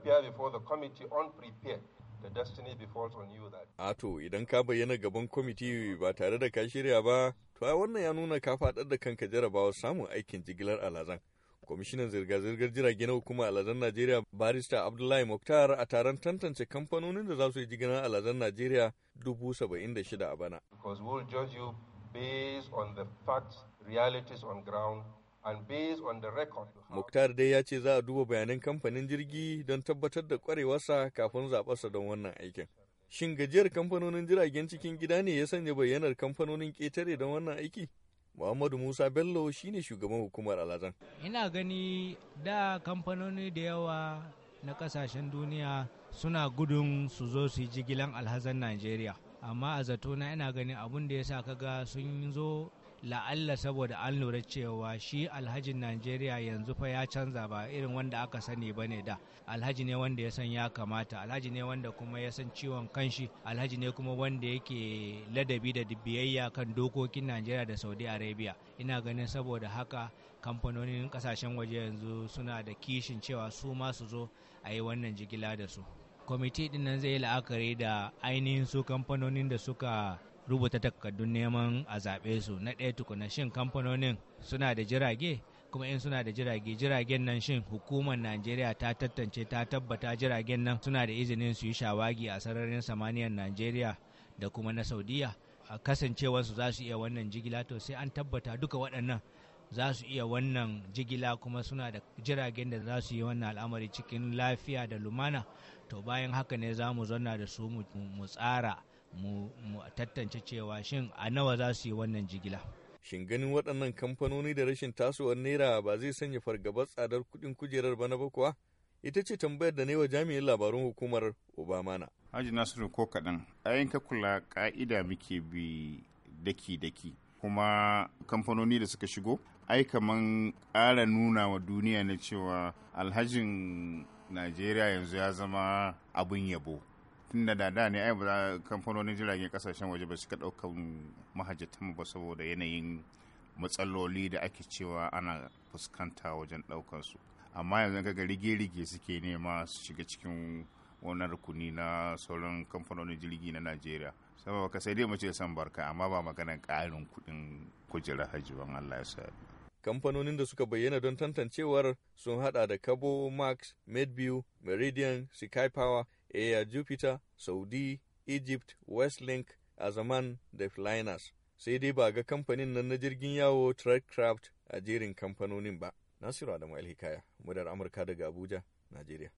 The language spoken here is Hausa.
appear before the committee unprepared, the destiny befalls on you that. to idan ka bayyana gaban kwamiti ba tare da ka shirya ba, to a wannan ya nuna ka faɗar da kanka jarabawar samun aikin jigilar alazan. Kwamishinan zirga-zirgar jirage na hukumar alazan Najeriya barista Abdullahi Muktar a taron tantance kamfanonin da za su yi jigilar alazan Najeriya dubu saba'in da shida a bana. Because we'll judge you based on the facts, realities on ground, Muktar dai ya ce za a duba bayanan kamfanin jirgi don tabbatar da kwarewarsa kafin zaɓarsa don wannan aikin. Shin gajiyar kamfanonin jiragen cikin gida ne ya sanya bayyanar kamfanonin ƙetare don wannan aiki? Muhammadu Musa Bello shine shugaban hukumar alhazan. Ina gani da kamfanoni da yawa na kasashen duniya suna gudun su zo su jigilan alhazan Najeriya. Amma a zato na ina gani abun da ya sa kaga sun zo la'alla saboda an lura cewa shi alhajin najeriya yanzu fa ya canza ba irin wanda aka sani ba ne da alhaji ne wanda ya san ya kamata alhaji ne wanda kuma ya san ciwon kanshi alhaji ne kuma wanda yake ladabi da biyayya kan dokokin najeriya da saudi arabia ina ganin saboda haka kamfanonin kasashen waje yanzu suna da kishin cewa su ma su zo a yi wannan jigila da su kwamiti ɗinnan zai yi la'akari da ainihin su kamfanonin da suka rubuta takardun neman a zaɓe su na ɗaya tukuna shin kamfanonin suna da jirage kuma in suna da jirage jiragen nan shin hukumar najeriya ta tattance ta tabbata jiragen nan suna da izinin su yi shawagi a sararin samaniyar najeriya da kuma na saudiya a su za su iya wannan jigila to sai an tabbata duka waɗannan za su iya wannan jigila kuma suna da jiragen da za su yi wannan al'amari cikin lafiya da lumana to bayan haka ne za mu zauna da su mu tsara mu tattance cewa shin a nawa za su yi wannan jigila. Shin ganin waɗannan kamfanoni da rashin tasowar naira ba zai sanya fargabar tsadar kuɗin kujerar ba na kuwa? Ita ce tambayar da wa jami'in labarun hukumar Obamana. Haji Nasiru ko kaɗan, ayin ka kula ƙa'ida muke bi daki-daki. Kuma kamfanoni da suka shigo, ai kaman ƙara nuna wa duniya na cewa alhajin Najeriya yanzu ya zama abin yabo. tun da dada ne ai ba kamfanonin jiragen kasashen waje ba suka ɗaukar mahajjatan ba saboda yanayin matsaloli da ake cewa ana fuskanta wajen ɗaukan su amma yanzu kaga rige-rige suke nema su shiga cikin wannan rukuni na sauran kamfanonin jirgi na najeriya saboda ka sai dai mace san barka amma ba maganan ƙarin kuɗin kujerar hajji ban allah ya sa kamfanonin da suka bayyana don tantancewar sun hada da Cabo, Max, Medview, Meridian, Sky Power, Air Jupiter, Saudi, Egypt, Westlink, Azaman da Flynas. Sai dai ba ga kamfanin nan na jirgin yawo Tradecraft a jerin kamfanonin ba. Nasiru Adamu Alhikaya, mudar Amurka daga Abuja, Najeriya.